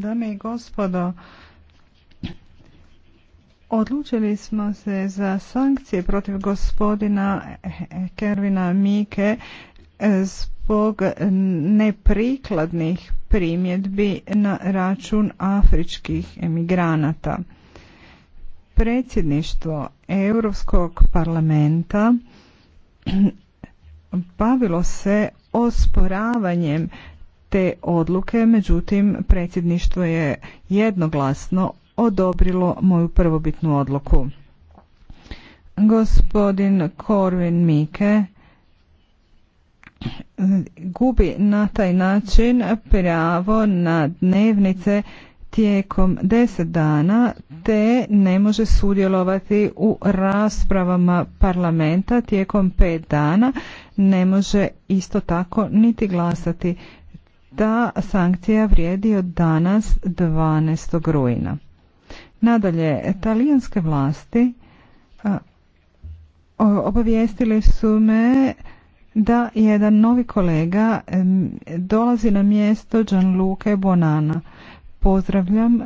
Dame i gospodo, odlučili smo se za sankcije protiv gospodina Kervina Mike e, zbog neprikladnih primjedbi na račun afričkih emigranata. Predsjedništvo Europskog parlamenta bavilo se osporavanjem te odluke, međutim predsjedništvo je jednoglasno odobrilo moju prvobitnu odluku. Gospodin Korvin Mike gubi na taj način pravo na dnevnice tijekom deset dana te ne može sudjelovati u raspravama parlamenta tijekom pet dana, ne može isto tako niti glasati da sankcija vrijedi od danas 12. rujna. Nadalje, talijanske vlasti obavijestili su me da jedan novi kolega dolazi na mjesto Gianluca Bonana. Pozdravljam